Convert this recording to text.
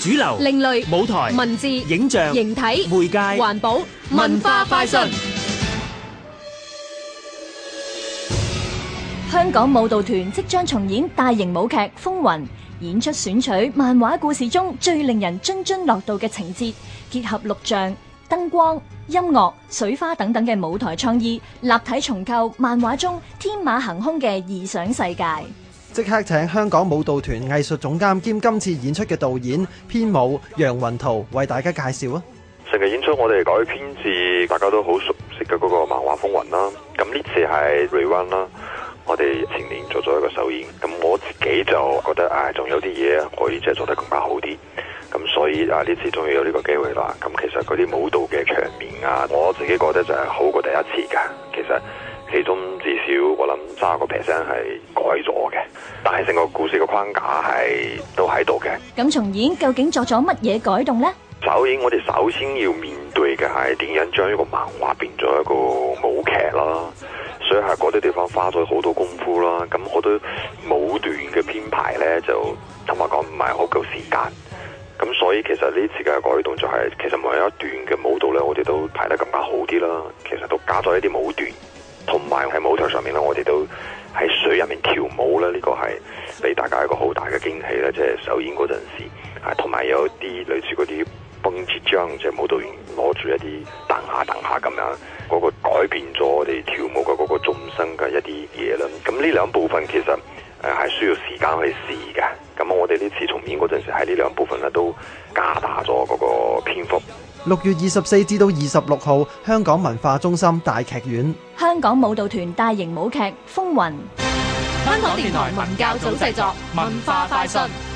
主流，另類，舞台，文字，影像，形體，媒介，環保，即刻請香港舞蹈團藝術總監兼今次演出嘅導演編舞楊雲濤為大家介紹啊！成個演出我哋改編自大家都好熟悉嘅嗰個漫畫《漫畫風雲》啦，咁呢次係 replay 啦。我哋前年做咗一個首演，咁我自己就覺得唉，仲有啲嘢可以即係做得更加好啲。咁所以啊，呢次終於有呢個機會啦。咁其實嗰啲舞蹈嘅場面啊，我自己覺得就係好過第一次噶。其實。其中至少我諗卅個 percent 係改咗嘅，但係成個故事嘅框架係都喺度嘅。咁重演究竟作咗乜嘢改動咧？首演我哋首先要面對嘅係點樣將一個漫畫變咗一個舞劇咯，所以係嗰啲地方花咗好多功夫啦。咁好多舞段嘅編排咧，就同埋講唔係好夠時間。咁所以其實呢次嘅改動就係、是，其實每一段嘅舞蹈咧，我哋都排得更加好啲啦。其實都加咗一啲舞段。同埋喺舞台上面咧，我哋都喺水入面跳舞咧，呢、這個係俾大家一個好大嘅驚喜咧。即係首演嗰陣時，啊，同埋有啲類似嗰啲蹦極樁，即係舞蹈員攞住一啲彈下彈下咁樣，嗰個改變咗我哋跳舞嘅嗰個重心嘅一啲嘢啦。咁呢兩部分其實誒係、呃、需要時間去試嘅。咁我哋呢次重演嗰陣時，喺呢兩部分咧都加大咗嗰個篇幅。六月二十四至到二十六號，香港文化中心大劇院，香港舞蹈團大型舞劇《風雲》，香港電台文教組製作，文化快訊。